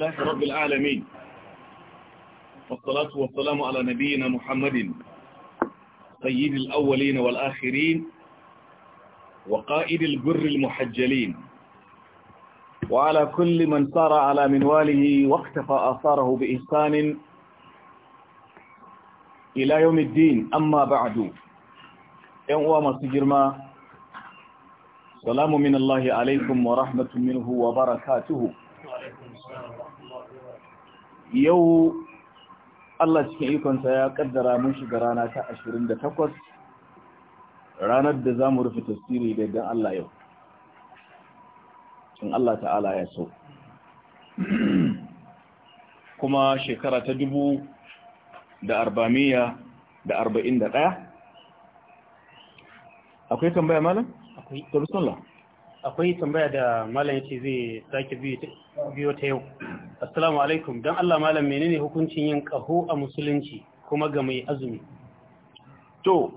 لله رب العالمين والصلاة والسلام على نبينا محمد سيد الأولين والآخرين وقائد الجر المحجلين وعلى كل من سار على منواله واقتفى آثاره بإحسان إلى يوم الدين أما بعد يوم مسجر ما سلام من الله عليكم ورحمة منه وبركاته yau Allah cikin ikonsa ya kaddara mun shiga rana ta 28 ranar da za mu rufe tasiri da dan Allah yau in Allah ta'ala ya so kuma shekara ta dubu da arba'amiya da arba'in da ɗaya akwai tambaya malam? akwai ta bismillah akwai tambaya da malam ya ce zai sake biyo ta yau assalamu alaikum don allah malam menene hukuncin yin kaho a musulunci kuma ga mai azumi to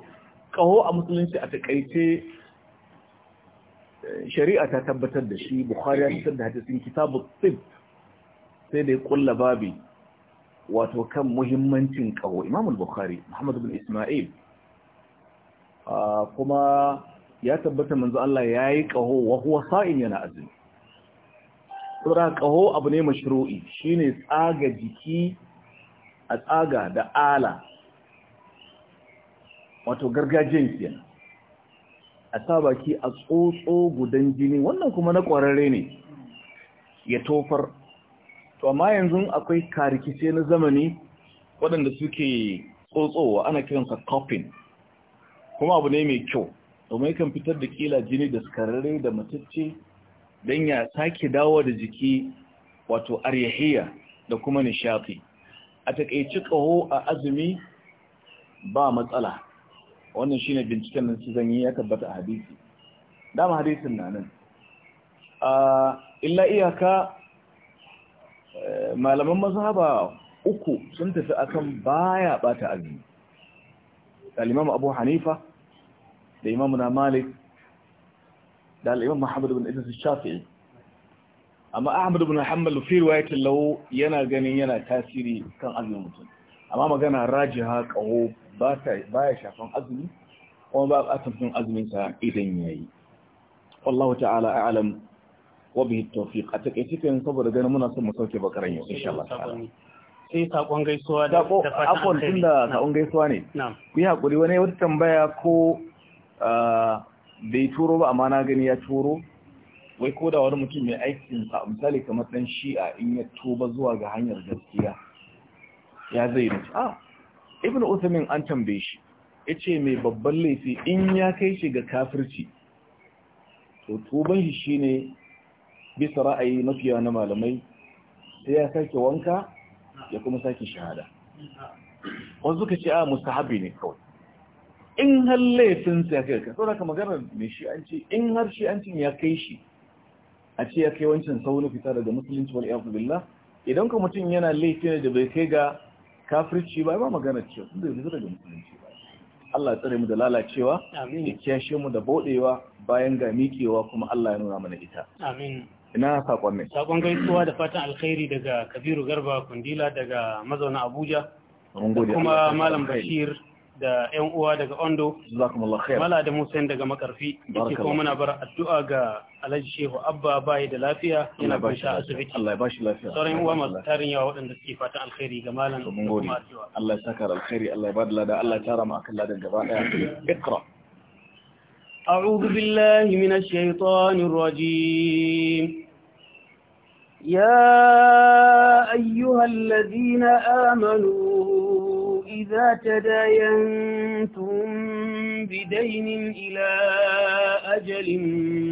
kaho a musulunci a takaice eh, shari'a ta tabbatar da shi bukhari ya fitar da hadisin kitabu tsib sai da ya kulla babi wato kan muhimmancin kaho imamul bukhari muhammad bin isma'il ah, kuma ya tabbata manzo Allah yi qaho wa huwa sa’in yana azumi saboda qaho abu ne mashru'i shine tsaga jiki a tsaga da ala wato gargajiyan kenan a sa baki a tsotso gudan jini wannan kuma na kwararre ne ya tofar to amma yanzu akwai karikice na zamani waɗanda suke tsotsowa ana kiransa coffin kuma abu ne mai kyau domin kan fitar da kila jini da skararre da matacce don ya sake dawo da jiki wato aryahiya da kuma nishafi a takaici kaho a azumi ba matsala wannan shine binciken nan su yi ya tabbata a hadisi dama hadisin na nan illa iyaka eh, malaman mazhaba uku sun tafi akan baya bata azumi al-imam abu hanifa da imamuna malik da al'imam muhammad bin idris shafi'i amma ahmad bin hanbal fi riwayatin law yana ganin yana tasiri kan azumin mutum amma magana rajiha qawo ba ya baya shafan azumi kuma ba a tafin azumin sa idan yayi wallahu ta'ala a'lam wa bihi tawfiq a take cikin saboda ganin muna son mu sauke bakaran yau insha Allah ta'ala sai sakon gaisuwa da fatan alheri tunda sakon gaisuwa ne ku yi hakuri wani wata tambaya ko bai turo ba amma na gani ya turo wai ko da wani mutum mai aikin sa misali kamar dan shi'a in ya tuba zuwa ga hanyar gaskiya ya zai rufe a ah, ibn usamin an tambaye shi Ya ce mai babban laifi in ya kai shi ga kafirci to tuban shi ne bisa ra'ayi mafiya na malamai sai ya sake wanka ya kuma sake shahada Wanzu ka ce a ah, mustahabi ne kawai in har laifinsa ya kai ka saboda ka maganar mai shi an ce in har shi an cin ya kai shi a ce ya kai wancan saurin fita daga musulunci wal iyaku billah idan ka mutum yana laifi ne da bai kai ga kafirci ba ba magana ce sun da fita daga musulunci ba Allah ya tsare mu da lalacewa ya kiyashe mu da bodewa bayan ga miƙewa kuma Allah ya nuna mana ita amin ina sakon ne sakon gaisuwa da fatan alkhairi daga Kabiru Garba Kundila daga mazauna Abuja kuma Malam Bashir da yan uwa daga Ondo mala da Musa daga makarfi yake kuma muna bar addu'a ga Alhaji Shehu Abba bai da lafiya yana kwanciya a asibiti Allah ya bashi lafiya sauran uwa masu tarin yawa waɗanda suke fatan alkhairi ga malam Allah ya saka alkhairi Allah ya bada lada Allah ya tara mu akan ladan gaba daya ikra أعوذ بالله من الشيطان الرجيم يا أيها الذين آمنوا وإذا تداينتم بدين إلى أجل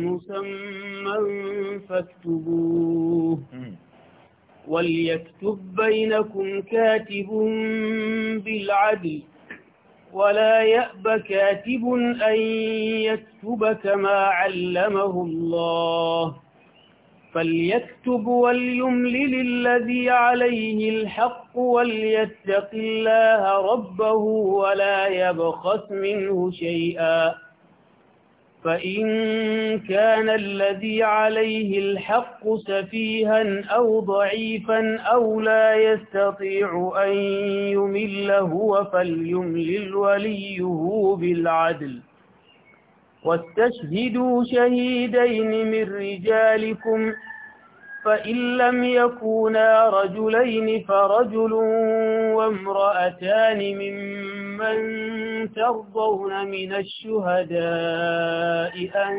مسمى فاكتبوه وليكتب بينكم كاتب بالعدل ولا يأب كاتب أن يكتب كما علمه الله فليكتب وليملل الذي عليه الحق وليتق الله ربه ولا يبخس منه شيئا فإن كان الذي عليه الحق سفيها أو ضعيفا أو لا يستطيع أن يمل هو فليملل وليه بالعدل واستشهدوا شهيدين من رجالكم فإن لم يكونا رجلين فرجل وامرأتان ممن ترضون من الشهداء أن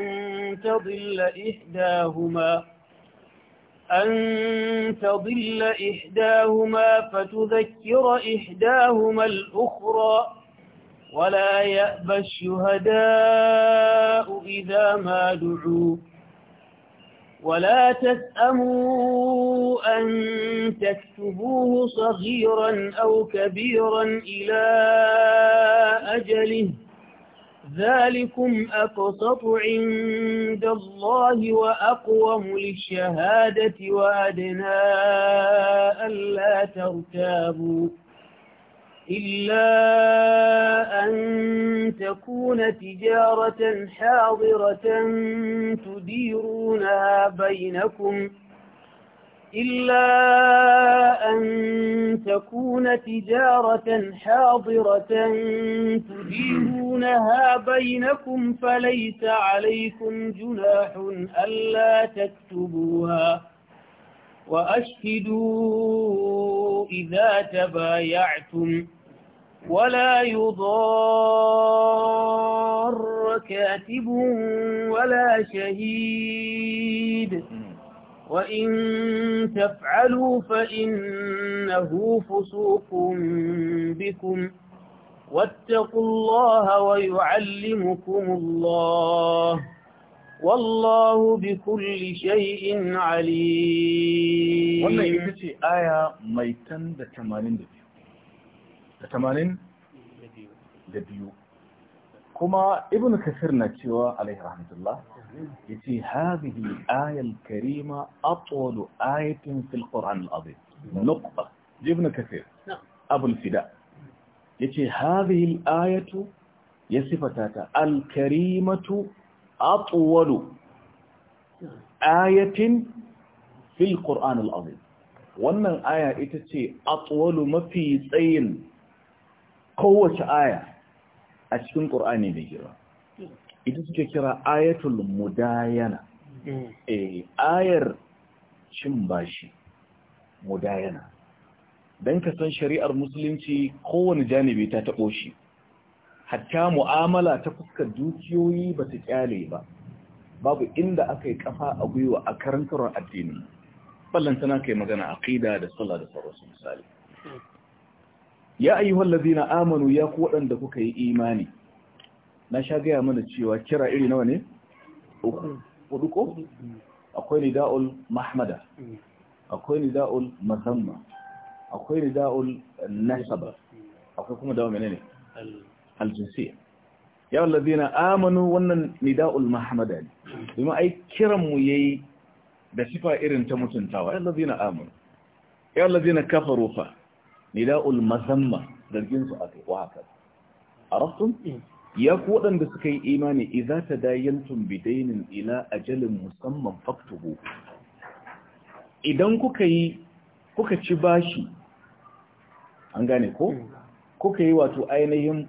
تضل إحداهما أن تضل إحداهما فتذكر إحداهما الأخرى ولا يأبى الشهداء إذا ما دعوا ولا تسأموا أن تكتبوه صغيرا أو كبيرا إلى أجله ذلكم أقسط عند الله وأقوم للشهادة وأدنى ألا ترتابوا إلا أن تكون تجارة حاضرة تديرونها بينكم إلا أن تكون تجارة حاضرة تديرونها بينكم فليس عليكم جناح ألا تكتبوها وأشهدوا إذا تبايعتم ولا يضار كاتب ولا شهيد وإن تفعلوا فإنه فسوق بكم واتقوا الله ويعلمكم الله والله بكل شيء عليم والله يتشي آية ميتان دا كمالين دا da tamanin da biyu kuma ibn kasir na cewa alaihi rahmatullah ya ce hazihi ayal karima atwalu ayatin fil qur'an al-azim nuqta ibn kasir abul fida ya ce hazihi ayatu ya sifata ta al-karimatu atwalu ayatin fil qur'an al-azim wannan aya ita ce atwalu mafi tsayin kowace aya a cikin ƙur'ani mai girma ita suke kira ayatul mudayana hmm. eh, ayar cin bashi mudayana don ka san shari'ar musulunci kowane janibi ta taɓo shi hatta mu'amala ta fuskar dukiyoyi ba ta kyale ba babu inda aka yi ƙafa a gwiwa a karantarwar addinin ballantana kai magana aqida da sallah da sauransu misali hmm. ya ayyuhal ladina amanu ya ku waɗanda kuka yi imani na sha gaya mana cewa kira iri nawa ne uku hudu ko akwai nida'ul mahmada akwai nida'ul mazamma akwai nida'ul nasaba akwai kuma dawo menene aljinsiya ya Ladina amanu wannan nida'ul mahmada ne domin ai kiran mu yayi da sifa irin ta mutuntawa ya Ladina amanu ya Ladina kafaru fa nida'ul mazamma zargin su ake wa haka arabtum eh. ya ku waɗanda suka yi imani idza tadayantum bidainin ila ajalin musamman faktubu idan kuka yi kuka ci bashi an gane ko hmm. kuka yi wato ainihin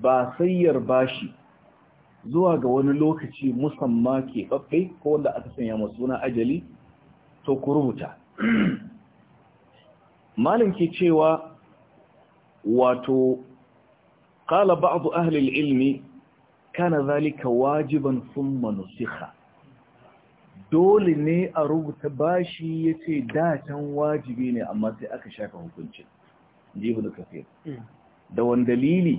ba sayyar bashi zuwa ga wani lokaci musamman ke babbe ko wanda aka sanya masu suna ajali to ku rubuta malin ke cewa wato kala ba'd ahli ilmi kana zalika wajiban thumma nusikha dole ne a rubuta bashi yace datan wajibi ne amma sai aka shafa hukuncin jibu da kafir hmm. da wani dalili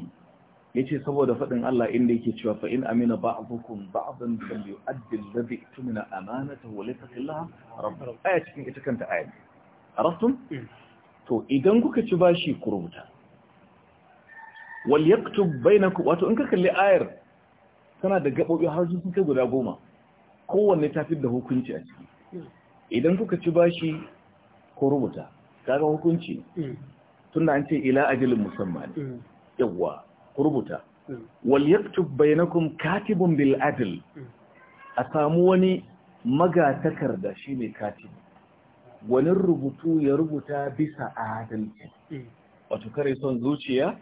yace saboda faɗin Allah inda yake cewa fa in amina ba'dukum ba'dan falyu'addi alladhi tumina amanatahu wa lillahi rabbuh hmm. aya cikin ita kanta aya arastum hmm. to idan kuka ci bashi ku rubuta wal yaktub bainakum wato in ka kalli ayar tana da gabobi har sun kai guda goma kowanne ta da hukunci a ciki idan kuka ci bashi ku rubuta kaga hukunci mm. tunda an ce ila ajalin musamman mm. yawa ku rubuta mm. wal yaktub bainakum katibun bil adl a samu wani magatakarda shine katibi gwanin rubutu ya rubuta bisa adalci eh. wato kare son zuciya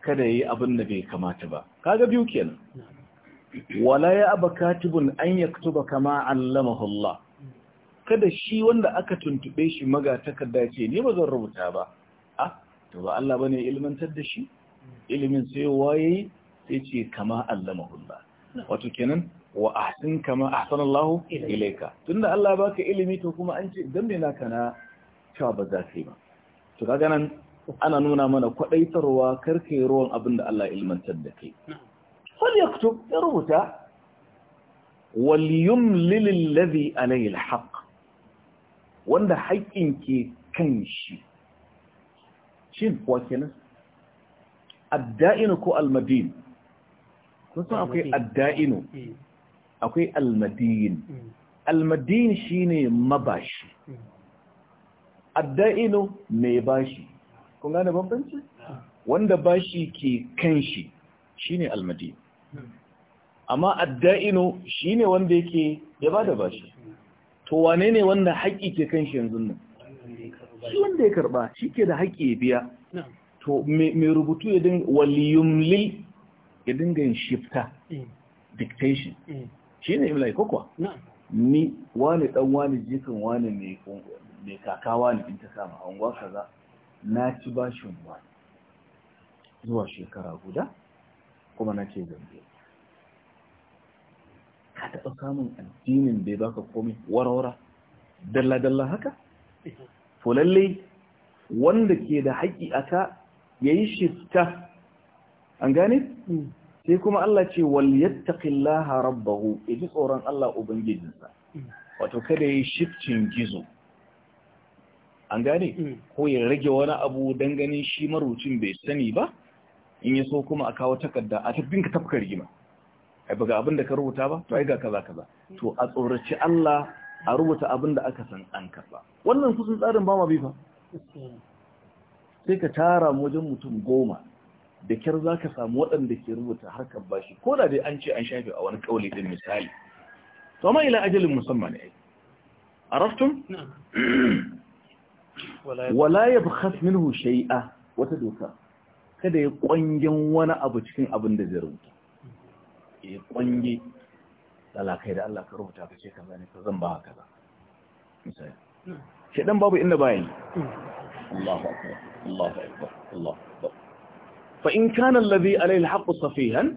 kada yi abin da bai kamata ba kaga biyu kenan hmm. wala ya aba katibun an yaktuba kama allamahu Allah hmm. kada shi wanda aka tuntube shi maga takarda ce ne ba zan rubuta ba A ah, to ba Allah bane ilmantar da shi hmm. ilimin sai waye sai ce kama allamahu Allah wato kenan wa ahsin kama ahsana Allah ilayka tunda Allah baka ilimi to kuma an ce dan me naka na cewa ba za su ba to kaga nan ana nuna mana kwadaitarwa karke ruwan abin da Allah ilmantar da kai fal yaktub ya rubuta wal yumlil alladhi alayhi alhaq wanda haƙƙin ke kan shi shin wa kenan adda'inu ko almadin kun san akwai adda'inu akwai almadin hmm. almadin shine mabashi hmm. adda'inu mai bashi kun gane bambanci hmm. wanda bashi ke kanshi shi shine almadin amma adda'inu shine wanda yake ya bada bashi to wane ne wanda haƙi ke kanshi yanzu nan shi wanda ya karba shi ke da haƙi ya biya to mai rubutu ya dinga waliyumli ya dinga shifta dictation shi ne imla'i ko ni wani dan wani jikin wani mai kaka wani in ta a anguwa kaza na ci bashin wani zuwa shekara guda kuma na ce zambe ka taɓa samun addinin bai baka komai warwara dalla-dalla haka Fulallai, wanda ke da haƙi aka yayi shifta an gane mm. sai kuma Allah ce wal yattaqillaha rabbahu yaji tsoron Allah ubangijinsa wato kada yi shifcin gizo an gane mm. ko ya rage wani abu dan ganin shi marucin bai sani ba in ya so kuma a kawo takarda a tabbin ka tafka rigima ai baga abin da ka rubuta ba to ai ga kaza kaza to a tsoraci Allah a rubuta abin da aka san an kafa wannan kusan tsarin ba ma bi sai ka tara wajen mutum goma da kyar za ka samu waɗanda ke rubuta harkar bashi ko da dai an ce an shafe a wani ƙauli ɗin misali to ma ila ajalin musamman ne eh. a raftun? wala ya bukas minhu shai'a wata doka kada ya ƙwangen wani abu cikin abin da zai rubuta ya ƙwange lalakai da Allah ka rubuta ka ce ka zane ka zan ba haka ba misali shaɗan babu inda bayan mm. Allahu akbar Allahu akbar Allahu akbar fa in kana allazi alayhi alhaq safihan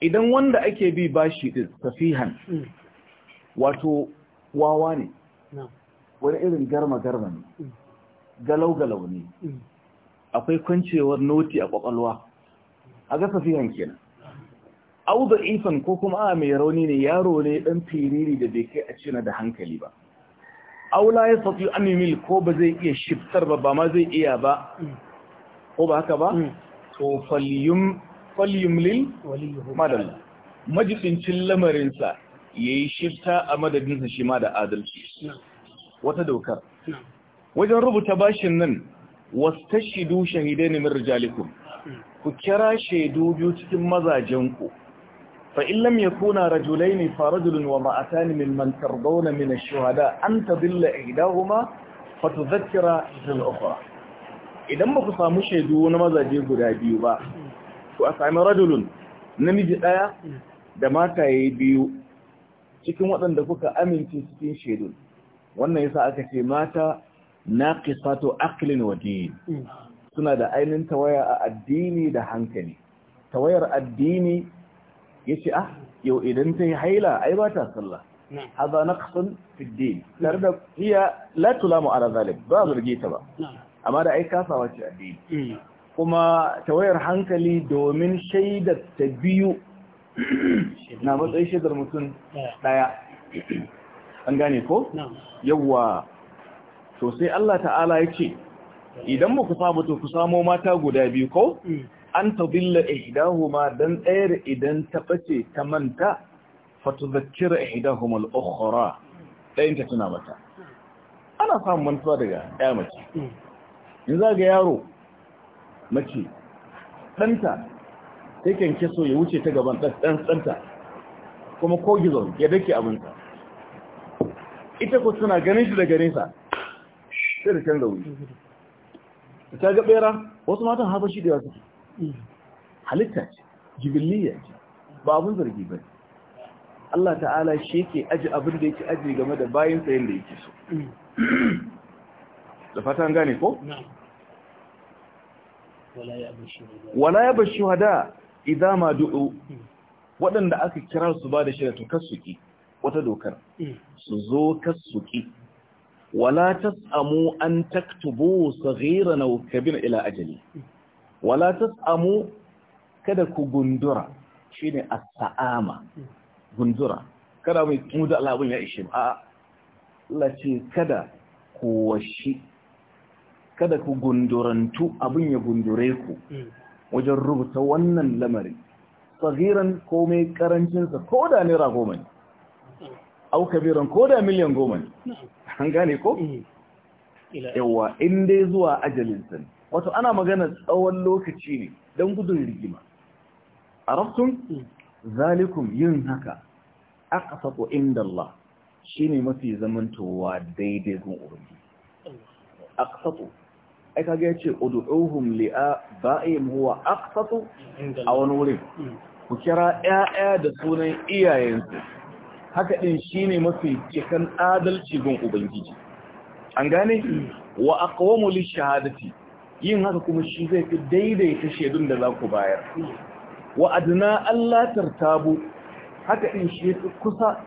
idan wanda ake bi bashi din safihan hmm. wato wawa ne wani irin garma garma ne hmm. galau galau ne hmm. akwai kwancewar noti a ƙwaƙwalwa, a ga safihan kenan au ifan ko kuma a mai rauni ne yaro ne ɗan firiri da bai kai a cina da hankali ba aula ya safi an ko ba zai iya shiftar ba ba ma zai iya ba ko ba haka ba to falyum falyumlil madalla majibincin lamarinsa ya yi shifta a madadinsa shi ma da adalci wata dokar wajen rubuta bashin nan wasta shidu shahidai ne min ku kira shaidu biyu cikin mazajenku fa'illam ya kuna rajulai ne farajulun wa ma'ata ne min mantar dauna shuhada an ta billa a gida kuma fatu zakira zil'ukura idan ba ku samu shaidu na mazaje guda biyu ba ku a sami radulun namiji ɗaya da yi biyu cikin waɗanda kuka amince cikin shaidun wannan yasa aka ce mata naqisatu aqlin wa din suna da ainin tawaya a addini da hankali tawayar addini yace ah yau idan tayi haila ai ba ta sallah hada naqsun fi din tare da iya la tulamu ala zalik ba zargi ta ba amma da ai kasawa ce addini hmm. kuma tawayar hankali domin shaidar ta biyu na matsayin shaidar mutum daya an gane ko yawwa to sai Allah ta'ala ya ce idan muku samu to ku samu mata guda biyu ko hmm. an tabilla ihdahuma dan tsayar idan ta bace ta manta fatudhakkira ihdahuma al-ukhra dayan ta tuna mata hmm. ana samun mantuwa daga ɗaya mace in za ga yaro mace ɗanta sai kyanke so ya wuce ta gaban ɗanta kuma ko gizon ya dake abinta ita ko suna ganin shi daga nesa sai da canza wuri ta ga ɓera wasu matan hafa shi da yawa suke halitta ce jibiliya ce ba abin zargi ba Allah ta'ala shi ke aji abin da yake aji game da bayan tsayin da yake so mm. da fatan gane ko? wala ya bashi hada idan ma du'u waɗanda aka kira su ba da shirya to kasuki wata dokar su zo kasuki wala tas'amu an taktubu saghiran aw kabira ila ajali wala tas'amu kada ku gundura ne a saama gundura kada mu da ya ishe a Allah ce kada ku washi kada ku gundurantu abin ya gundure ku hmm. wajen rubuta wannan lamari tsagiran komai karancinsa ko da naira goma ne hmm. au kabiran ko da miliyan goma ne hmm. an gane ko? yawa in zuwa ajalinsa ne wato ana magana tsawon lokaci ne don gudun rigima a raftun zalikum yin haka a sako inda Allah shi ne mafi zamantowa daidai gun urugi ai kaga yace ud'uhum li'a ba'im huwa aqsatu a wani wurin ku kira ƴaƴa da sunan iyayensu haka din shine mafi cikan adalci gun ubangiji an gane wa aqwamu lishahadati yin haka kuma shi zai fi daidaita shaidun da za ku bayar wa adna Allah tartabu haka din shi kusa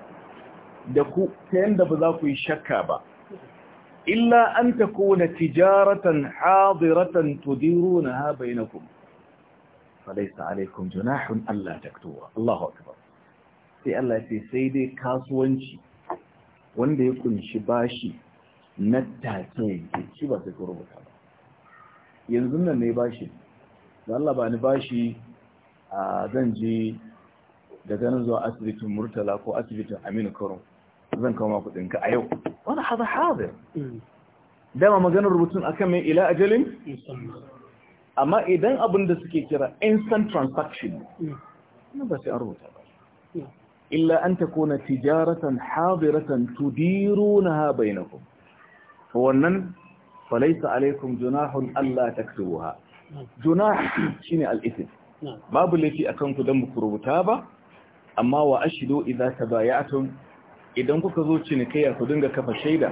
da ku ta yanda ba za ku yi shakka ba illa an takuna tijaratan hadiratan tudirunaha bainakum falaysa alaykum junahun alla taktuwa Allahu akbar sai Allah ya ce sai dai kasuwanci wanda ya kunshi bashi na take ci ba sai rubuta ba yanzu nan ne bashi da bani bashi a zan je daga nan zuwa asibitin Murtala ko asibitin Aminu Kano zan kama kudinka a yau wani haza hazir mm. dama maganar rubutun akan mai ila ajalin amma idan abin da suke kira instant transaction mm. na ba sai an rubuta ba mm. illa an ta kona tijaratan na tudirunaha bainakum fa wannan falaisa alaikum junahun Allah taktubuha Juna shine ne ithm babu laifi akan ku dan ku rubuta ba amma wa ta idza tun. idan kuka zo cinikayya ku dinga kafa shaida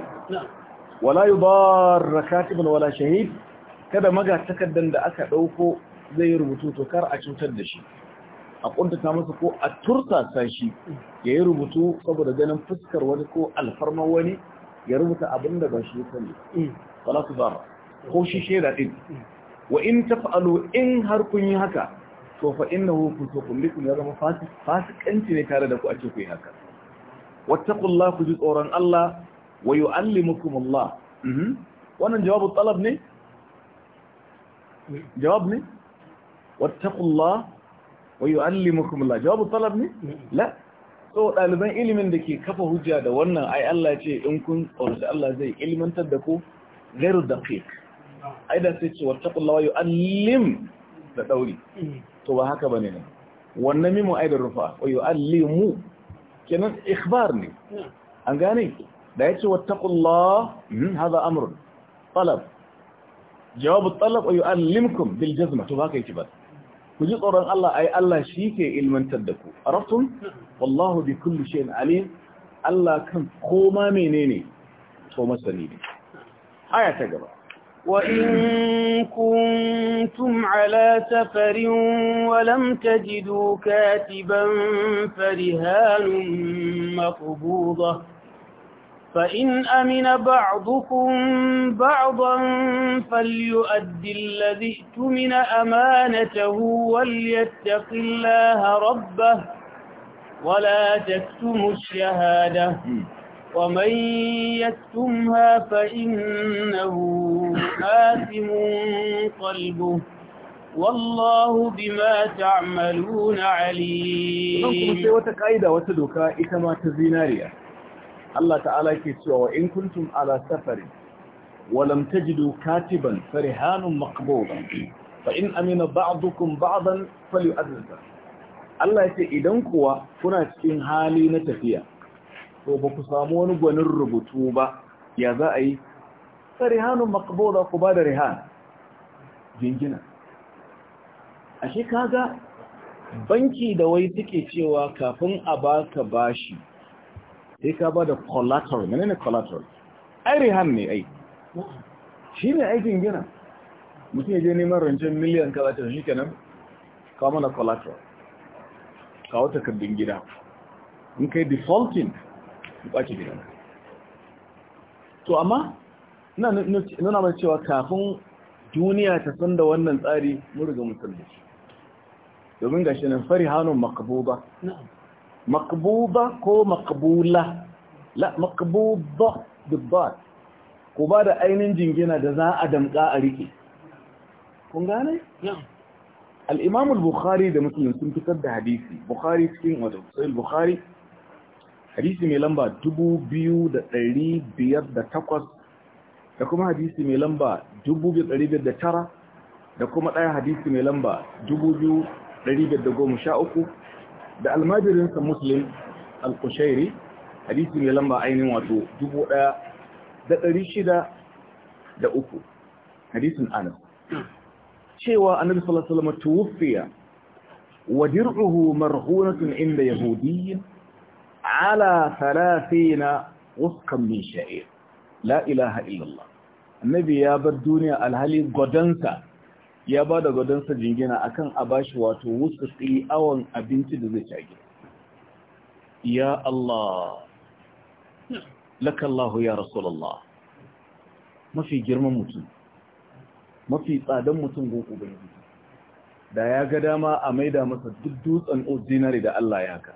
wala yubarra katibun wala shahid kada maga takardan da aka dauko zai rubutu to kar a cutar da shi a kuntata masa ko a tursasa shi ya yi rubutu saboda ganin fuskar wani ko alfarma wani ya rubuta abin da ba shi ya sani mm. wala su zara ko shi shaida din mm. wa in taf'alu in har kun yi haka to fa innahu fusuqun bikum ya zama fasikanci ne tare da ku ake ku yi haka wattaqullah ku ji tsoron Allah wa yu'allimukumullah mhm. wannan jawabu talab ne jawab ne wattaqullah wa yu'allimukumullah jawabu talab ne la so daliban ilimin da ke kafa hujja da wannan ai Allah ce in kun tsoraci Allah zai ilmantar da ku ghairu daqiq ai da sai ce wattaqullah wa yu'allim da dauri mm. to ba haka ba ne wannan mimu ai da rufa wa yu'allimu kenan ikhbar ne an gane da ce wattaqullah hada amrun talab jawabu talab wa yu'allimkum bil jazma to baka yake ba ku ji tsoron Allah ai Allah shi ke ilmantar da ku araftum wallahu bi kulli shay'in alim Allah kan koma menene to masani ne aya ta gaba وإن كنتم على سفر ولم تجدوا كاتبا فرهان مقبوضة فإن أمن بعضكم بعضا فليؤدي الذي ائتمن أمانته وليتق الله ربه ولا تكتموا الشهادة ومن يكتمها فإنه آثم قلبه والله بما تعملون عليم sai wata kaida wata doka ita ma ta zinariya Allah ta'ala ke cewa in kuntum ala safari walam tajidu katiban farihanun maqbudan fa in amina ba'dukum ba'dan falyu'adhib Allah ya ce idan kuwa kuna cikin hali na tafiya to ba ku samu wani gwanin rubutu ba ya za a yi rihanun makabola ku ba da rihan jingina ashe kaga banki da wai suke cewa kafin a baka bashi sai ka ba da collateral menene collateral ai rihan ne ai shi ne ai jingina mutum ya je neman rancen miliyan kaza ta shi kenan kawo mana collateral kawo takardun gida in kai defaulting su gidan to amma ina nuna mai cewa kafin duniya ta san da wannan tsari murga musulmi domin shi nan hannun makabuba makabuba ko makabula la makabuba dubba ko ba da ainihin jingina da za a damka a rike kun gane? al bukhari da muslim sun fitar da hadisi bukhari cikin wato bukhari hadisi mai lamba 2508 da kuma hadisi mai lamba 2509 da kuma ɗaya hadisi mai lamba 2513 da almajirinsa muslim al-kushairi hadisi mai lamba ainihin wato 1603 Hadisun anas cewa annabi sallallahu alaihi wasallam tuwfiya wa dir'uhu marhunatun inda yahudiyyin ala thalathina wuskan min sha'ir la ilaha illallah annabi ya bar duniya alhali godansa ya bada da godansa jingina akan a bashi wato wutsi awon abinci da zai لك ya Allah رسول الله ya في mafi girman mutum mafi tsadan mutum gon ubangiji da ya ga dama a maida masa duk dutsen ordinary da Allah ya ka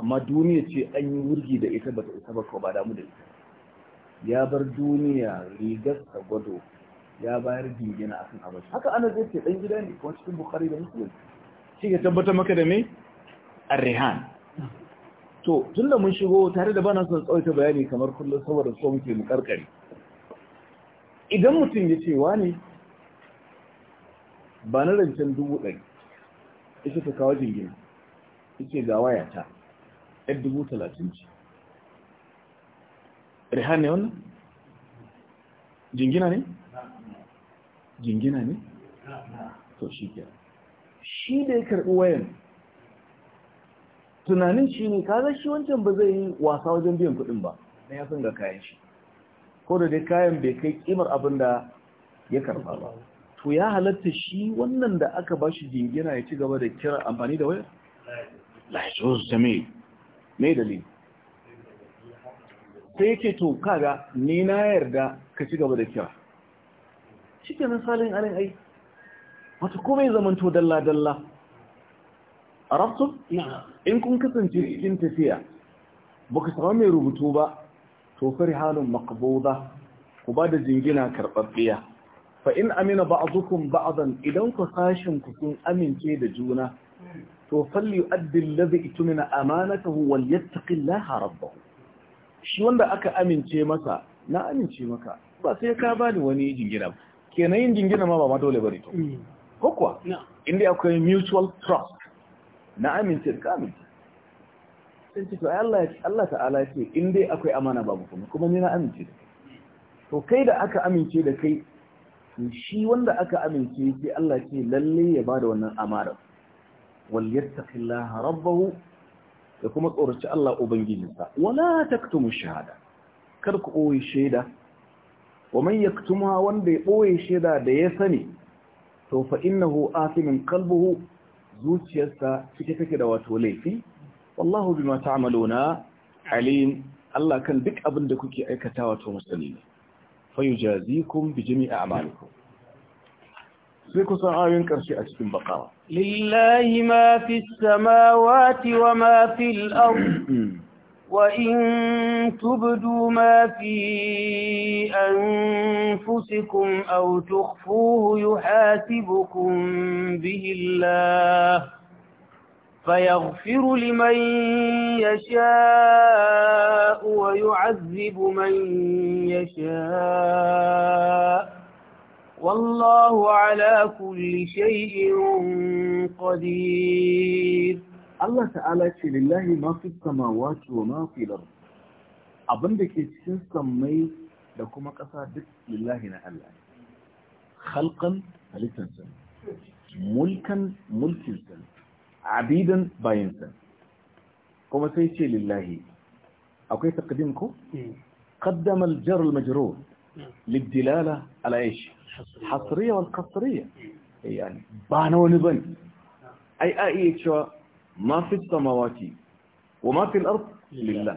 amma duniya ce an yi wurgi da ita ba ta isa ba ba damu da ita ya bar duniya rigar ta gwado ya bayar dingina a kan abinci haka ana zai ce ɗan gida ne kuma cikin bukari da musulun shi ya tabbatar maka da mai arrihan to tun da mun shigo tare da bana son tsawaita bayani kamar kullum saboda so muke mu karkare idan mutum ya ce wa ne ba na rancen dubu ɗari ita ta kawo jingina ita ga ta. yan dubu talatin ce rihan ne wannan ne jingina ne to shi ke shi da ya karɓi wayan tunanin shi ne kaga shi wancan ba zai yi wasa wajen biyan kuɗin ba na ya san ga kayan shi ko da dai kayan bai kai kimar abin da ya karɓa ba to ya halatta shi wannan da aka ba shi jingina ya ci gaba da kira amfani da wayar Lai yajuz jamil mai dalili sai yake to kaga ni na yarda ka ci gaba da kira shi ke nan salin ai wata komai zamanto dalla-dalla a raftun in kun kasance cikin tafiya ba ka samu mai rubutu ba to fari halin makaboda ku ba da jingina karɓaɓɓiya fa in amina ba a zukun ba'azan idan ku sashen ku sun amince da juna to falli yu'addi allazi itmina amanatahu wal Allah rabbahu shi wanda aka amince masa na amince maka ba sai ka bani wani jingina kenan yin jingina ma ba ma dole bari to mm. ko kuwa inda akwai mutual trust na amince da amince sai ce to Allah Allah ta'ala ce in dai akwai amana babu kuma kuma ni na amince da kai to kai da aka amince da kai shi wanda aka amince sai Allah ce lalle ya bada wannan amana وليتق الله ربه يقوم قرش الله أبنجيسا ولا تكتم الشهادة كرك أوي الشهادة ومن يكتمها وندي أوي الشهادة ديسني سوف إنه آثم قلبه زوجيسا تكتك دوات وليفي والله بما تعملون عليم الله كان بك أبندك كي أكتاوة مسلمين فيجازيكم بجميع أعمالكم sai kusan ayoyin ƙarshe a cikin bakawa لله ما في السماوات وما في الأرض وإن تبدوا ما في أنفسكم أو تخفوه يحاسبكم به الله فيغفر لمن يشاء ويعذب من يشاء والله على كل شيء قدير الله تعالى لله ما في السماوات وما في الأرض abin da ke cikin samai da kuma ƙasa duk lillahi na Allah halkan halittarsa mulkan mulkinsa abidan bayansa kuma sai ce lillahi akwai taqdim ko hmm. qaddama al-jar al-majrur للدلالة على إيش حصرية والقصرية إيه يعني بانو نبن أي أي شو ما في السماوات وما في الأرض لله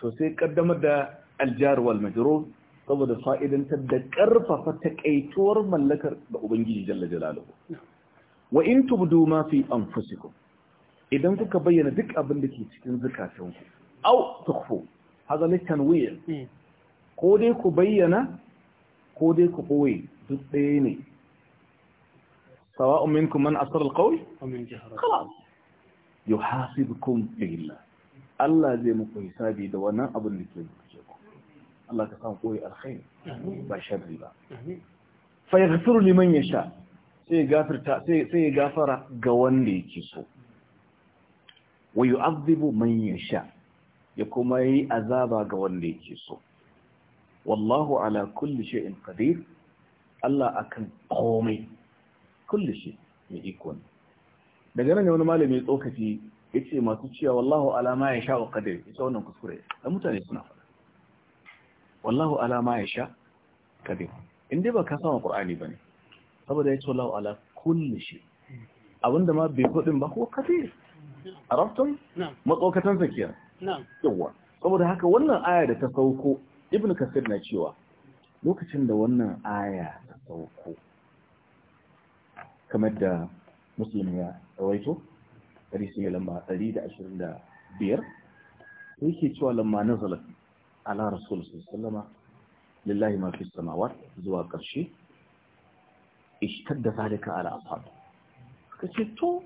توسيك قدم دا الجار والمجرور قبل فائدة تذكر فتك أي تور من لكر وبنجي جل جلاله نعم. وإن تبدوا ما في أنفسكم إذا كنت بيّن ذك أبن لكي أو تخفوا هذا ليس تنويع ko dai ku bayyana ko dai ku ɓoye duk ɗaya ne sawa'un minkum man asar alqawl khalas yuhasibukum billah Allah zai muku hisabi da wannan abin da ke kuce ku Allah ka san koyi alkhairi ba sharri ba fa yaghfiru liman yasha sai gafarta sai sai gafara ga wanda yake so wa yu'adhibu man yasha ya kuma yi azaba ga wanda yake so wallahu ala kulli shay'in qadir Allah akan komai kulli shay mai iko daga nan ne wani malami tsokaci yace masu cewa wallahu ala ma sha wa qadir ita wannan kuskure Da mutane suna faɗa wallahu ala ma yasha qadir in dai ba ka sama ƙur'ani ba ne. saboda ya yace wallahu ala kulli shay abinda ma bai faɗin ba ko qadir arabtum na'am matsokatan sakiya na'am yawa saboda haka wannan aya da ta sauko ibn kasir na cewa lokacin da wannan aya ta sauko kamar da muslim ya rawaito hadisi mai lamba biyar, sai ke cewa lamma nazalat ala rasul sallama lillahi ma fi samawat zuwa karshe ishtadda zalika ala ashab suka ce to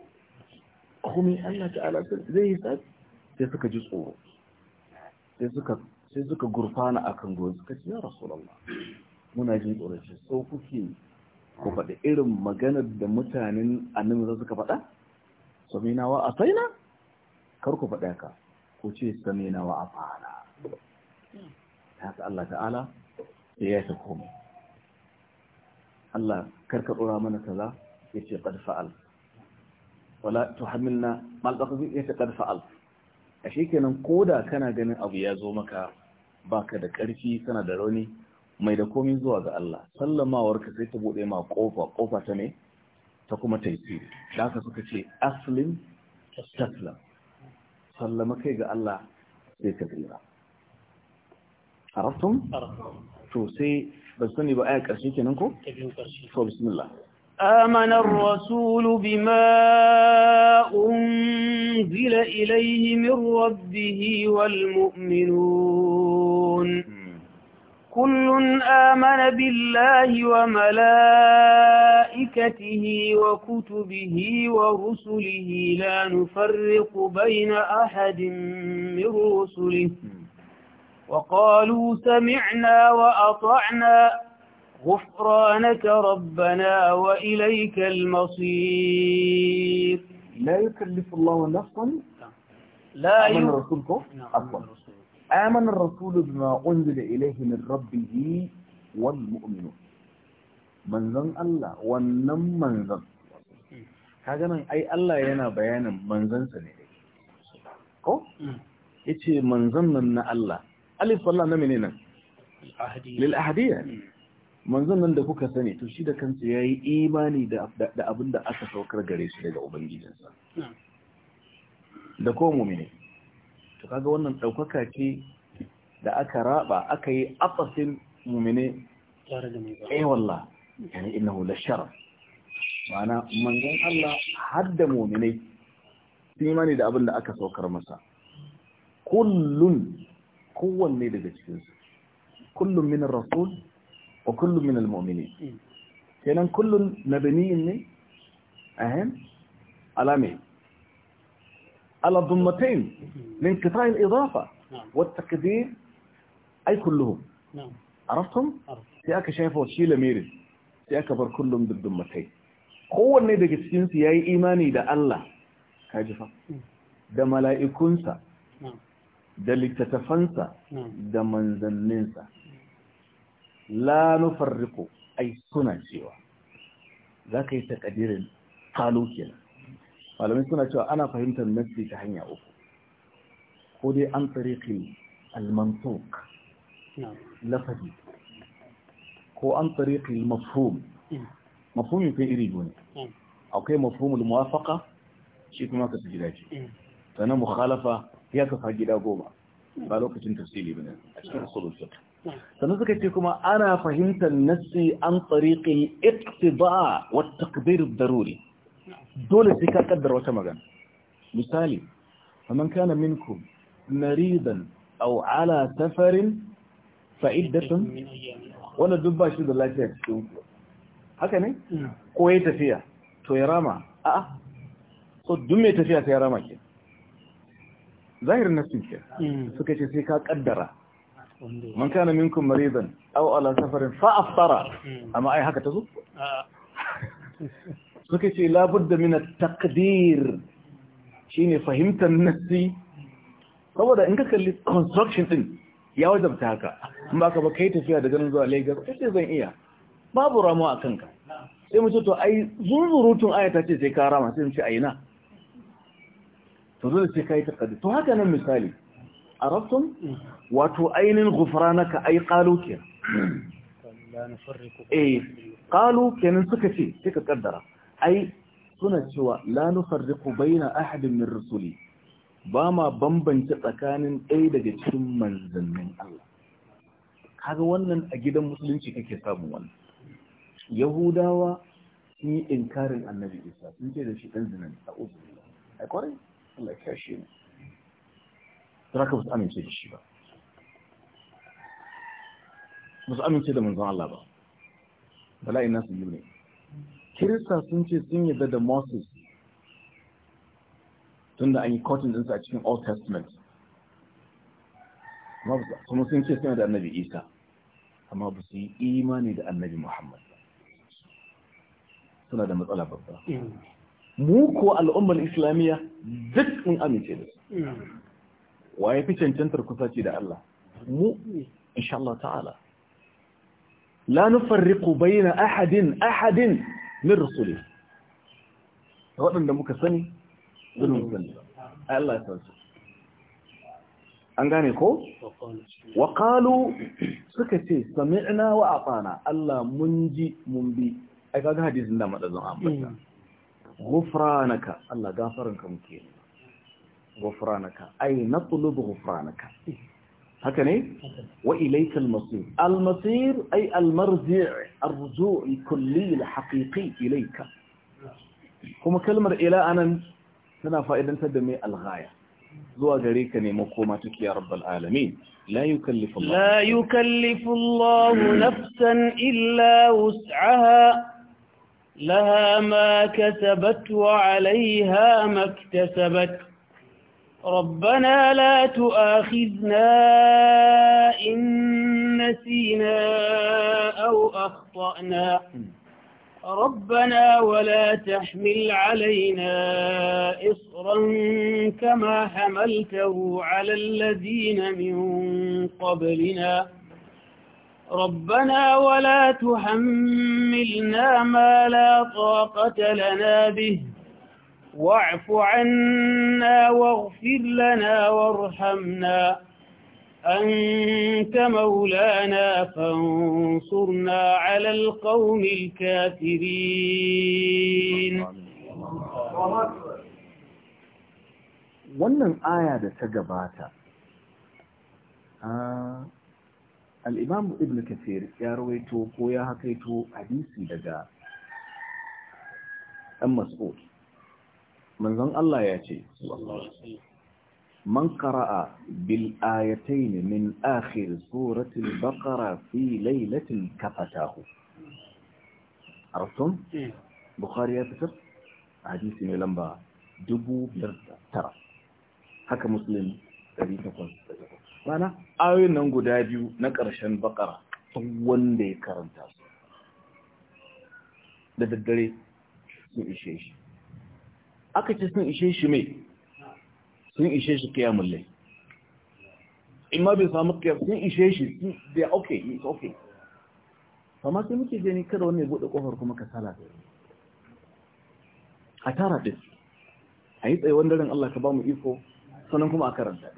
komai Allah ta'ala zai yi sai suka ji tsoro sai suka sai suka gurfana akan kan goyon suka ce ya rasulallah muna jin tsoraci sau kuke ku faɗi irin maganar da mutanen annabi za suka faɗa samina wa a saina kar ku faɗa ka ku ce samina wa a Ta haka Allah ta'ala da ya ta komai Allah kar ka ɗora mana kaza ya ce ƙad fa'al wala tuhammilna mal ya ce ƙad fa'al a shi kenan koda kana ganin abu ya zo maka baka da ƙarfi sana da rauni mai da komi zuwa ga Allah ka sai ta bude ma kofa kofa ta ne ta kuma taisi da haka suka ce aslim taslam sallama kai ga Allah sai ka tsira araftum to sai ba sani ba aya karshe kenan ko to bismillah آمن الرسول بما أنزل إليه من ربه والمؤمنون كل آمن بالله وملائكته وكتبه ورسله لا نفرق بين أحد من رسله وقالوا سمعنا وأطعنا غفرانك ربنا وإليك المصير لا يكلف الله نفسا لا يكلف الله نفسا Aya manan بما أنزل إليه من ربه والمؤمنون من ذن الله ونم من ذن kaga nan ai Allah yana bayanin manzansa ne dai ko yace manzan nan na Allah alif wallah na menene nan lil ahadiyya manzan nan da kuka sani to shi da kansa yayi imani da abinda aka saukar gare shi daga ubangijinsa da ko mu'mini to kaga wannan ɗaukaka ce da aka raba aka yi afasin mumine eh walla, yani innahu la sharaf ma'ana manzon Allah hadda mumine imani da abin da aka saukar masa kullun kowanne daga cikinsu kullun min rasul wa kullun min al-momin. almu'minin hmm. kenan kullun nabaniyin ne ahem alame على الضمتين من كفاء الإضافة نعم. والتقدير أي كلهم نعم. عرفتهم؟ عرفت سيأك شايفه شي لميري سيأك بر كلهم بالضمتين قوة نيدك السينسي أي إيماني دا الله كاجفة نعم. دا ملائكونسا دا نعم دا منزننسا نعم. لا نفرق أي سنة سوى ذاك يتكدير قالوكينا malamai suna cewa ana fahimtar nassi ta hanya uku ko dai an al almantok lafazi ko an tsariƙi mafhum mafhumin kai iri gune akwai al muwafaqa shi kuma ka gida ce sanan mukhalafa ya kafa gida goma ba lokacin tafsili bane a cikin usulul fiqh sanan suka ce kuma ana fahimtar nassi an tsariƙi iqtida wa taqdir daruri dole sai ka kaddara wata magana misali faman kana minkum maridan aw ala safarin fa iddatun wanda duk ba shi da lafiya cikin ku haka ne hmm. ko ya tafiya to ya rama a'a so duk mai tafiya sai ya rama ke zahirin nasin ke hmm. suka ce sai ka kaddara man kana minkum maridan aw ala safarin fa aftara hmm. amma ai haka ta zo suka ce labudda min at-taqdir shine fahimtar nassi saboda in ka kalli construction din ya wajabta haka in ba ka ba kai tafiya daga nan zuwa Lagos ita zan iya babu ramuwa a kanka sai mu ce to ai zunzurutun ayata ce sai ka rama sai mu ce na to ce ka yi taqdir to haka nan misali a wato ainihin عرفتم وتؤين غفرانك أي قالوا كير إيه قالوا كير سكتي kaddara. ai suna cewa la nufarriqu baina ahadin min rusuli ba ma bambance tsakanin ɗaya daga cikin manzannin Allah kaga wannan a gidan musulunci kake samun wannan yahudawa sun yi inkarin annabi isa sun ce da shi ɗan zinan a uzuri a kwarai Allah ya shi ne sai ka musu amince da shi ba musu amince da manzon Allah ba bala'i nasu yi ne kirista sun ce sun yadda da moses tun da an yi kotun dinsa a cikin old testament kuma sun ce suna da annabi isa amma ba su yi imani da annabi muhammad suna da matsala babba mm. mu ko al'ummar islamiyya duk mun amince da su mm. Wa ya fi cancantar kusaci da Allah mu mm. insha Allah ta'ala la nufarriqu bayna ahadin ahadin min rusuli waɗanda muka sani zunun sani ai Allah ya sansu an gane ko wa suka ce sami'na wa atana Allah mun ji mun bi ai kaga hadisin da madazin ambata mm. ghufranaka Allah gafaranka muke ghufranaka ai na natlubu ghufranaka هكا ني إيه؟ واليك المصير المصير اي المرجع الرجوع الكلي الحقيقي اليك كما كلمه الى انا هنا فائده تدمي الغايه ذو غريك ني مكومتك يا رب العالمين لا يكلف الله لا يكلف الله نفسا الا وسعها لها ما كسبت وعليها ما اكتسبت ربنا لا تؤاخذنا إن نسينا أو أخطأنا ربنا ولا تحمل علينا إصرا كما حملته على الذين من قبلنا ربنا ولا تحملنا ما لا طاقة لنا به واعف عنا واغفر لنا وارحمنا أنت مولانا فانصرنا على القوم الكافرين wannan aya da ta gabata al'imam ibn kafir ya rawaito ko ya hakaito hadisi daga ɗan mas'ud manzon Allah ya ce man qara'a bil ayatayn min akhir surati al-baqara fi laylatin kafatahu arfum bukhari ya fitar hadisi mai lamba 2009 haka muslim 1808 mana ayoyin nan guda biyu na ƙarshen baqara wanda ya karanta su da daddare sun ishe shi aka ce sun ishe shi mai sun ishe shi kiyamun lai in ma bai samu kiya sun ishe shi they are okay it's ok amma sai muke gani kada wani ya bude kofar kuma ka sala a tara din a yi tsaye wandaren Allah ka ba mu iko sannan kuma a karanta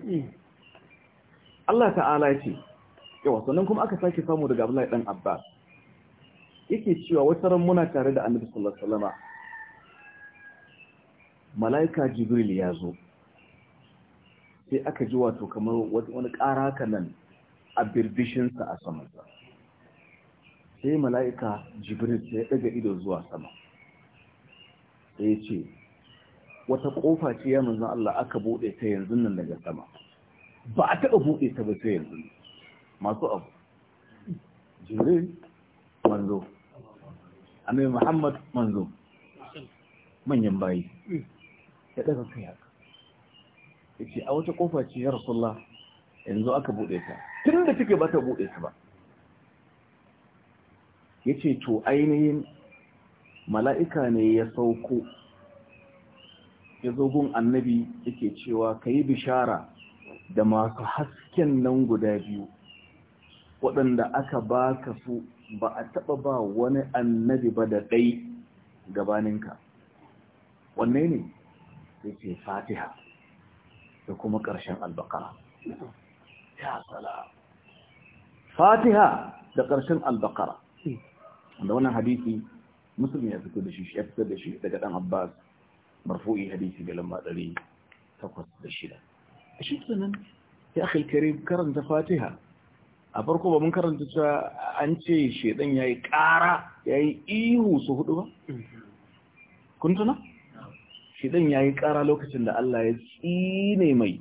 Allah ta'ala ce yawa sannan kuma aka sake samu daga Abdullahi dan abba yake cewa wata ran muna tare da Annabi sallallahu alaihi wasallam mala'ika jibril ya zo sai aka ji wato kamar wani ƙara nan a birbishinsa a samansa sai mala'ika jibril sai ya ɗaga ido zuwa sama sai ya ce wata ƙofa ce ya manzan Allah aka buɗe ta yanzu nan daga sama ba a taɓa buɗe ta ba sai yanzu masu abu jibril manzo annabi muhammad manzo manyan bayi hmm. ya daga kai haka ce a wata kofa ce ya rasulullah yanzu aka buɗe ta tun da take ba ta buɗe ta ba yace to ainihin mala'ika ne ya sauko ya zogun annabi yake cewa ka yi bishara da masu hasken nan guda biyu waɗanda aka ba ka su ba a taɓa ba wani annabi ba da ɗai gabaninka wanne ne sai ce fatiha da kuma ƙarshen albakara ya sala fatiha da ƙarshen albakara da wannan hadisi musulmi ya fito da shi ya fito da shi daga ɗan abbas marfu'i hadisi ga lamba ɗari takwas da shida a shi sunan ya kai kare karanta fatiha a farko ba mun karanta ta an ce shaidan ya yi ƙara ya yi ihu su hudu ba kun tuna? shidan ya yi ƙara lokacin da Allah ya tsine mai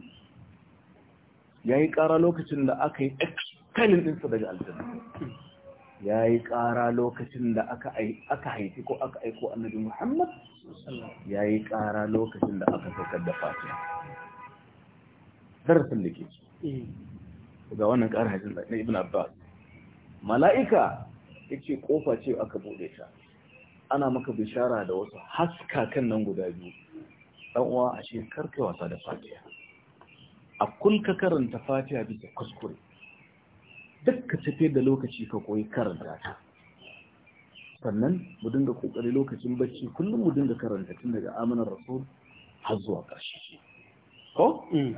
ya yi ƙara lokacin da aka yi excelling ɗinsa daga aljanna ya yi ƙara lokacin da aka haifi ko aka aiko annabi Muhammad ya yi ƙara lokacin da aka saukar da fatiha darasin da ke ga wannan ƙara hajjin na ibn Abbas mala'ika ya ce ƙofa ce aka buɗe ta ana maka bishara da wasu haska kan nan guda biyu dan uwa a ce karka wasa da Fatiya. a kun ka karanta Fatiya bisa kuskure duk ka tafi da lokaci ka koyi karanta ta sannan mu dinga kokari lokacin bacci kullum mu dinga karanta tun daga amanar rasul har zuwa ƙarshe ko mm.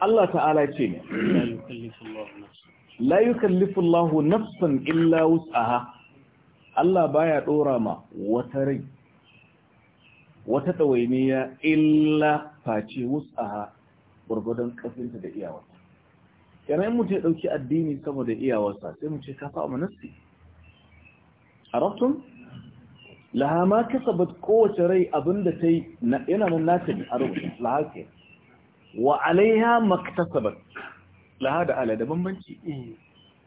Allah ta'ala ce ne la yukallifu Allahu nafsan illa wus'aha Allah baya ɗora ma wata rai wata ɗawainiya illa face wus'aha gwargwadon kafinta da iyawarsa yanayin mu ya ɗauki addini sama da iyawarsa sai mu ce ka fa manassi a raftun laha ma kasabat kowace rai abinda ta yi yana nan nata ne a rubuta lahake wa alaiha maktasabat laha da ala da bambanci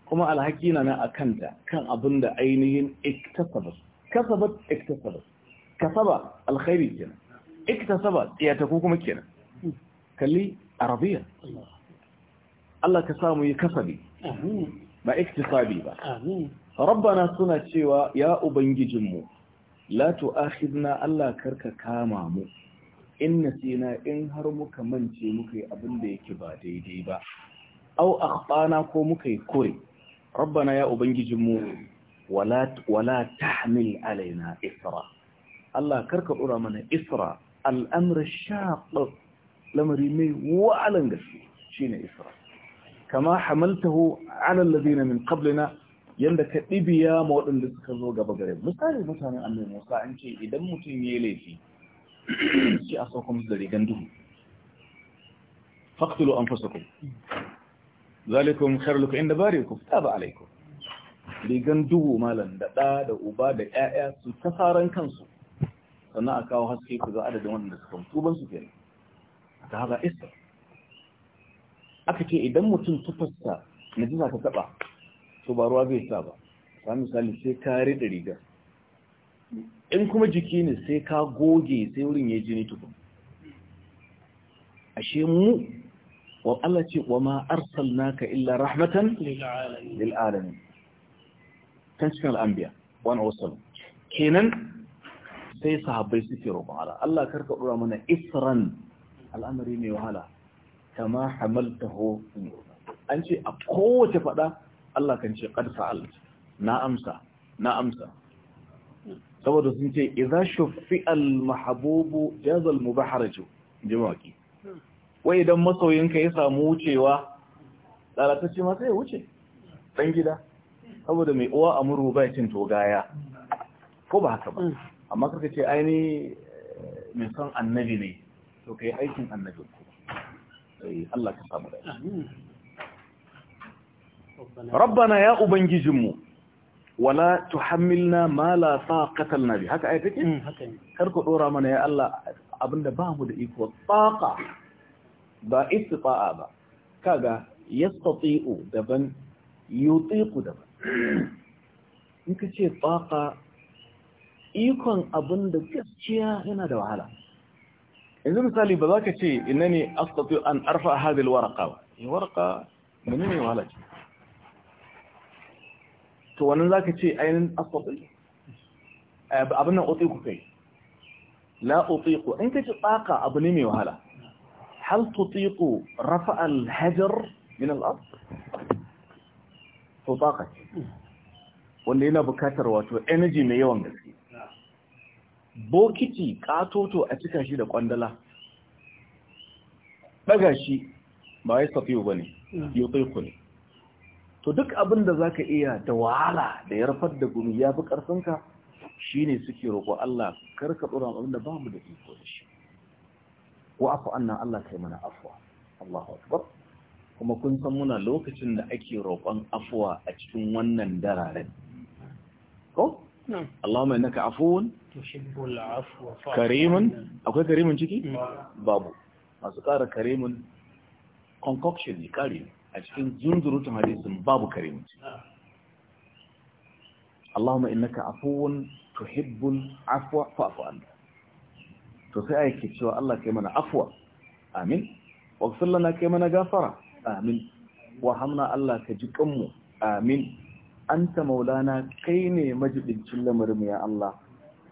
kuma alhaki na a kanta kan abin da ainihin iktasabat kasabat iktasabat kasaba alkhairi kenan iktasaba tsiyata ko kuma kenan kalli arabiya Allah ka samu yi kasabi ba iktisabi ba rabbana suna cewa ya ubangijinmu la tu'akhidna Allah karka kama mu in nasina in har muka mance muka yi abin da yake ba daidai ba au akhtana ko muka yi kure rabbana ya ubangijinmu wala tahmil alaina isra Allah karka dora mana isra al'amr shaq lamari mai wa'alan gaske shine isra kama hamaltahu ala alladhina min qablina yanda ka dibiya ma waɗanda suka zo gaba gare misali mutanen annabi Musa an ce idan mutum yayi laifi shi a sauka musu da rigan duhu faqtulu anfusakum zalikum kharluka inda barikum taba alaikum rigan duhu malam da ɗa da uba da yaya su ta kansu sannan a kawo haske ku ga adadin wanda suka mutu ban su kenan ta haza isa aka ce idan mutum tufasta na ka ka taɓa to ba ruwa zai sa ba ta misali sai ka riɗa rigar in kuma jiki ne sai ka goge sai wurin ya jini tukun ashe mu wa Allah ce wa ma arsalnaka illa rahmatan lil alamin kan cikin al'ambiya 107 kenan sai sahabbai suke roƙon Allah Allah karka dora mana isran al'amari mai wahala kama hamaltahu an ce a kowace fada Allah kan ce qad fa'alt na amsa na amsa saboda sun ce idza shufi'al mahbubu jazal mubaharaju jama'a wai idan masoyinka ya samu wucewa lalatacce ma sai ya wuce ɗan gida saboda mai uwa a murhu ba cin togaya ko ba haka ba mm. amma kaka ce aini eh, mai son annabi ne to kai aikin annabi ku Allah ka samu da rabbana ya ubangijinmu wala tuhammilna ma la taqata lana bi haka ai take mm, kar ku dora mana ya Allah abinda ba mu da iko taqa ba istifa'a ba kaga yastati'u daban yutiqu daban in ka ce tsaka ikon abin da gaskiya yana da wahala yanzu misali ba za ka ce ina ne an arfa hadil waraka ba eh, waraqa waraka mini ne wahala ce to wannan za ka ce ainihin astatu eh, abin nan otiku kai la otiku in ka ce tsaka abu ne mai wahala هل تطيق رفع الحجر to tsaka ce wanda yana bukatar wato energy mai yawan gaske bokiti ƙatoto a cika shi da kwandala daga shi ba ya safiyo ba ne yotsaiku ne to duk abin da za ka iya da wahala da ya da gumi ya fi ƙarfinka shi ne suke roƙo Allah karka tsoron abin da ba mu da iko da shi wa afu anna Allah kai mana afwa Allahu akbar kuma kun san muna lokacin da ake roƙon afuwa a cikin wannan dararen ko Allahumma innaka afuwun tuhibbul afwa karimun akwai karimun ciki mm. babu masu ƙara karimun concoction ne kare a cikin zunzurutun hadisin babu karimun Allahumma innaka afuwun tuhibbul afwa fa'fu anna to sai ake cewa Allah kai mana afuwa, amin waghfir lana kai mana gafara amin wahamna Allah ka ji kanmu amin anta maulana kai ne majibincin lamarin ya Allah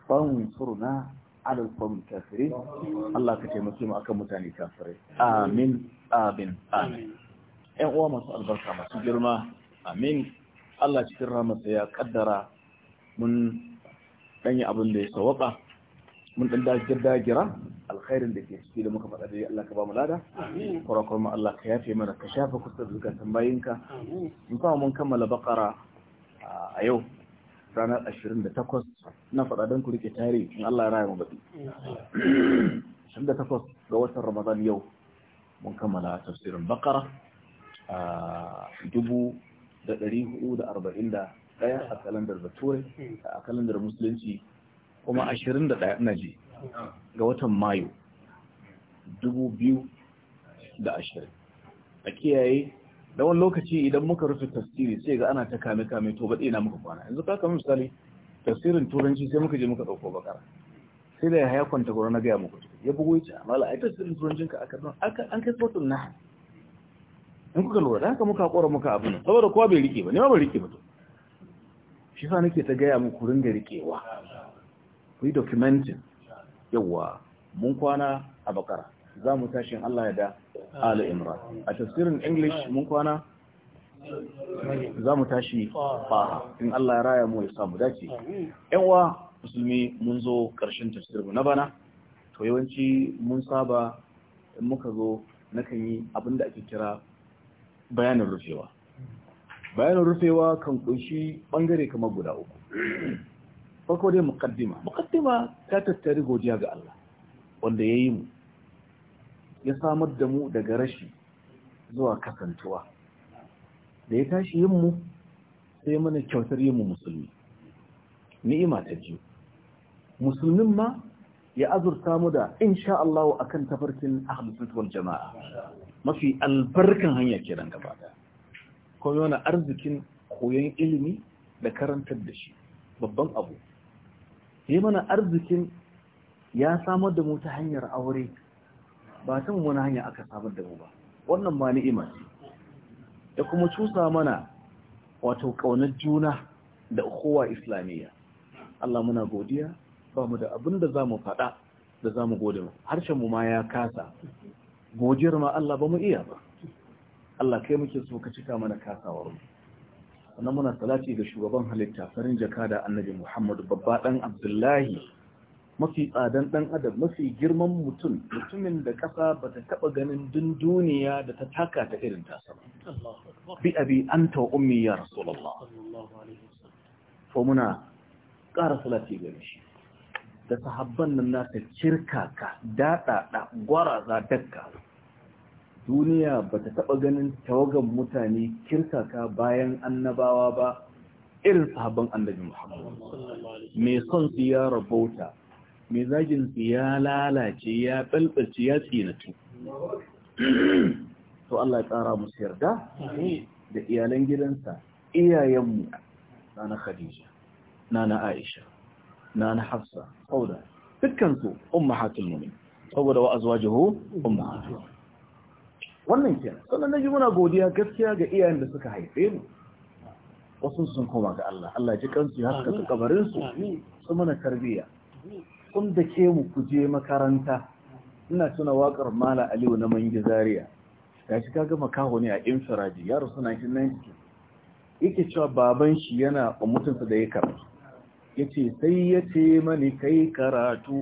fansurna ala alqawm kafirin Allah ka taimake mu akan mutane kafire, amin amin amin ƴan uwa masu albarka masu girma amin Allah cikin ramarsa ya kaddara mun danyi abin da ya sawaba mun dan dace da gira alkhairin da ke ciki da muka faɗa da Allah ka ba mu lada kurakun mu Allah ka yafe mana ka shafa kusa zukatan bayinka mun kuma mun kammala bakara a yau ranar 28 na faɗa don ku rike tare in Allah ya raya mu baɗi 28 ga watan Ramadan yau mun kammala tafsirin bakara a dubu da ɗari hudu da arba'in da ɗaya a kalandar bature hmm. a kalandar musulunci kuma 21 na ji ga watan mayu 2020 a kiyaye da wani lokaci idan muka rufe tasiri sai ga ana ta kame kame to baɗi na muka kwana yanzu kaka kamar misali tasirin turanci sai muka je muka ɗauko bakara sai da ya haya kwanta gwara na gaya muku ya bugu ya ce amala ai tasirin turancin ka aka an kai sautin na in kuka lura da haka muka kora muka abu ne saboda kowa bai rike ba ne ma bai rike ba to shi sa nake ta gaya muku ringa rikewa ku yi documentin yawa mun kwana a bakara za mu tashin Allah ya da ala a tasirin english mun kwana za mu tashi fara in Allah ya raya mu ya samu dace yawa musulmi mun zo ƙarshen tasirin na bana to yawanci mun saba in muka zo nakan yi abinda ake kira bayanin rufewa bayanin rufewa kan ƙunshi ɓangare kamar guda uku farko dai mukaddima mukaddima ta tattari godiya ga Allah wanda ya yi mu ya samar da mu daga rashi zuwa kasantuwa da ya tashi yin mu sai mana kyautar yin mu musulmi ni'ima ta biyu musulmin ma ya azurta mu da insha Allah akan tafarkin ahlus wal jama'a mafi albarkan hanya kenan gaba da kuma yana arzikin koyon ilimi da karantar da shi babban abu yi mana arzikin ya samar da mu ta hanyar aure ba ta wani hanya aka samar da mu ba wannan ma ni'ima ce da kuma cusa mana wato ƙaunar juna da kowa islamiyya Allah muna godiya ba mu da abin da za mu faɗa da za mu gode harshen mu ma ya kasa godiyar ma Allah ba mu iya ba Allah kai muke so ka cika mana kasawar mu sannan muna salati ga shugaban halitta farin jaka da annabi muhammadu babba dan abdullahi mafi tsadan dan adam mafi girman mutum mutumin da ƙasa ba ta taba ganin dun duniya da ta taka ta irin ta sama bi abi anta ummi ya rasulullah fa muna ƙara salati ga shi da sahabban nan na ta nasa ka daɗaɗa gwaraza dakka duniya ba ta taɓa ganin tawagan mutane kirkaka bayan annabawa ba irin sahabban annabi Muhammad. Mai son su ya rabauta, mai zagin su ya lalace, ya ɓalɓalce, ya tsinatu. To Allah ya tsara musu yarda da iyalan gidansa, iyayenmu, nana Khadija, nana Aisha, nana Hafsa, Sauda, dukkansu ummahatul mu'min. Saboda wa azwajuhu ummahatuhum. wannan kenan sannan na ji muna godiya gaskiya ga iyayen da suka haife mu wasu sun koma ga Allah Allah ji kansu ya haska kabarin su su mana tarbiyya kun da ke mu kuje makaranta ina tuna wakar Mala Aliyu na Mangi Zaria shi kaga makaho ne a infiraji yaro suna shi nan yake cewa baban shi yana mutunsa da ya karatu yace sai ya ce mani kai karatu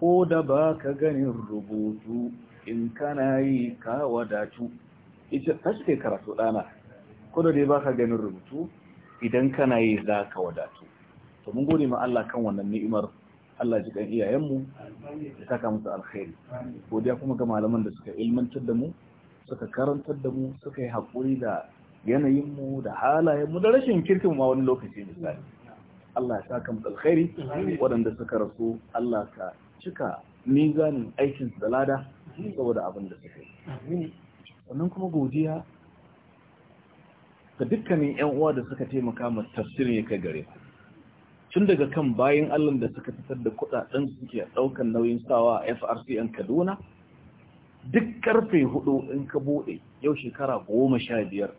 ko da ba ka ganin rubutu in kana yi ka wadatu ita tashi karatu ɗana da dai ba ganin rubutu idan kana yi za ka wadatu to mun gode ma Allah kan wannan ni'imar Allah ji kan iyayenmu da saka musu alkhairi godiya kuma ga malaman da suka ilmantar da mu suka karantar da mu suka yi hakuri da yanayin mu da halayen mu da rashin kirkin ma wani lokaci misali Allah ya saka musu alkhairi waɗanda suka rasu Allah ka cika mizanin aikinsu da lada saboda abin da suka yi Wannan kuma godiya ga dukkanin yan uwa da suka taimaka ma tafsirin ya kai gare ku tun daga kan bayan Allah da suka fitar da kudaden suke daukan nauyin sawa FRC an Kaduna duk karfe hudu in ka buɗe yau shekara goma sha biyar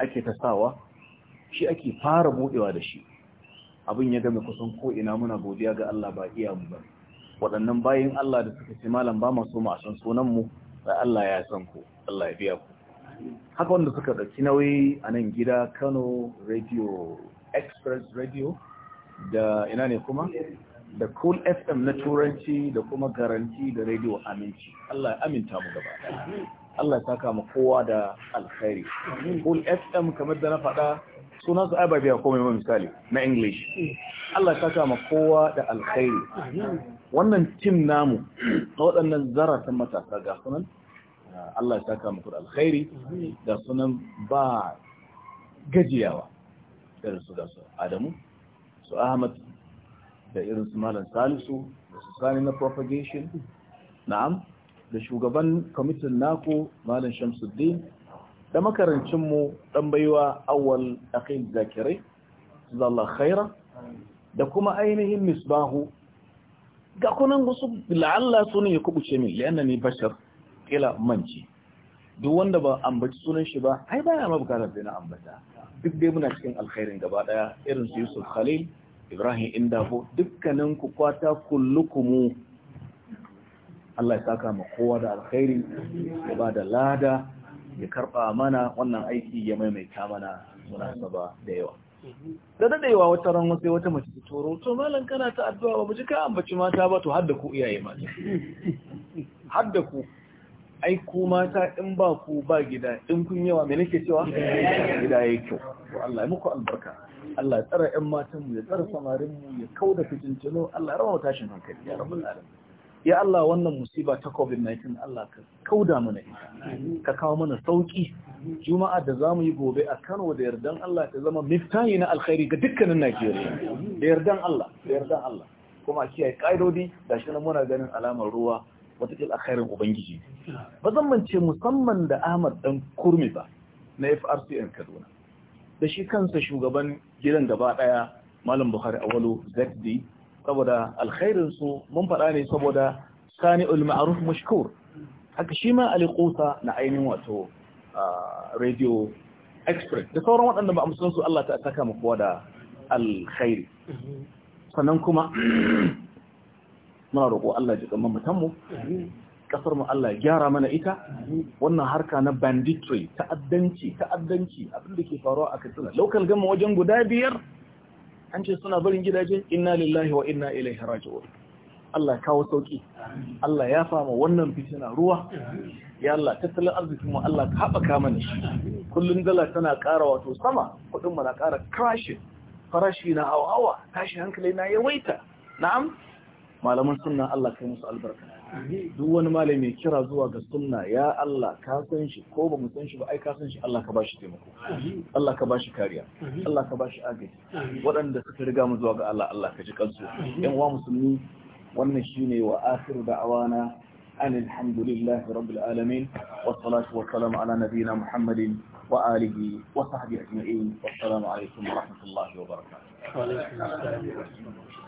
ake ta sawa shi ake fara buɗewa da shi abin ya game kusan ko'ina muna godiya ga Allah ba iya mu ba waɗannan bayin Allah da suka ce malam ba masu mu a san sunanmu da Allah ya san ku Allah ya biya ku haka wanda suka ɗauki nauyi a nan gida Kano Radio Express Radio da ina ne kuma da Cool FM na turanci da kuma garanti da Radio Aminci Allah ya aminta mu gaba Allah ya saka mu kowa da alkhairi Cool FM kamar da na faɗa suna su aibabiya komai ma misali na English Allah ya saka mu kowa da alkhairi wannan tim namu a waɗannan zaratan matasa ga sunan Allah ya saka muku da alkhairi da sunan ba gajiyawa irin su ga su Adamu su Ahmad da irin Malam Salisu da su Sani na propagation na'am da shugaban kwamitin naku Malam Shamsuddin da makarancin mu Awal, baiwa Zakirai, akhil zakirai khaira da kuma ainihin misbahu ga kunan wasu la'alla sunan ya kubuce min liyanna ni bashar kila manci duk wanda ba ambaci sunan shi ba ai baya ma bukatar da na ambata duk dai muna cikin alkhairin gaba daya irin su Yusuf Khalil Ibrahim Indabo dukkanin ku kwata kullukumu Allah ya saka ma kowa da alkhairi ya ba da lada ya karba mana wannan aiki ya maimaita mana munasaba da yawa da dadewa wata ran sai wata mace ta toro to malam kana ta addu'a ba buji ka ambaci mata ba to da ku iyaye har da ku ai ku mata in ba ku ba gida in kun yawa me nake cewa gida yayi kyau to Allah ya muku albarka Allah ya tsara ƴan matan mu ya tsara samarin mu ya kauda fitintino Allah ya rama tashin hankali ya rabbul alamin ya Allah wannan musiba ta COVID-19 Allah ka kauda mana ita ka kawo mana sauki juma'a da zamu yi gobe a Kano da yardan Allah ta zama miftahi na alkhairi ga dukkanin Najeriya da yardan Allah da yardan Allah kuma kiyaye kaidodi shi nan muna ganin alamar ruwa wata watakil alkhairin ubangiji ba zan mance musamman da Ahmad dan Kurmi ba na FRCN Kaduna da shi kansa shugaban gidan gaba daya Malam Buhari Awalo ZD saboda alkhairinsu su mun faɗa ne saboda Sani ma'ruf mashkur haka shi ma alqusa na ainihin wato radio express da sauran waɗanda ba amsan su Allah ta saka mu kowa da alkhairi sannan kuma muna roƙo Allah ji kamar mu kasar mu Allah gyara mana ita wannan harka na banditry ta'addanci ta'addanci abin da ke faruwa a Katsina local gama wajen guda biyar an ce suna barin gidaje inna lillahi wa inna ilaihi raji'un Allah kawo sauki Allah ya fama wannan fitina ruwa ya Allah tattalin arzikin mu Allah ka haɓaka mana shi kullun dala tana ƙara wato sama kuɗin mu na ƙara crashin farashi na hawa tashi hankali na yawaita na'am malaman sunna Allah kai musu albarka duk wani malami kira zuwa ga sunna ya Allah ka san shi ko ba mu san shi ba ai ka san shi Allah ka bashi taimako Allah ka bashi kariya Allah ka bashi agaji waɗanda suka riga mu zuwa ga Allah Allah ka ji kansu yan uwa musulmi wannan shine wa akhiru da'wana an alhamdulillah rabbil alamin wassalatu wassalamu ala nabiyyina muhammadin wa alihi wa sahbihi ajma'in wassalamu alaikum wa rahmatullahi wa barakatuh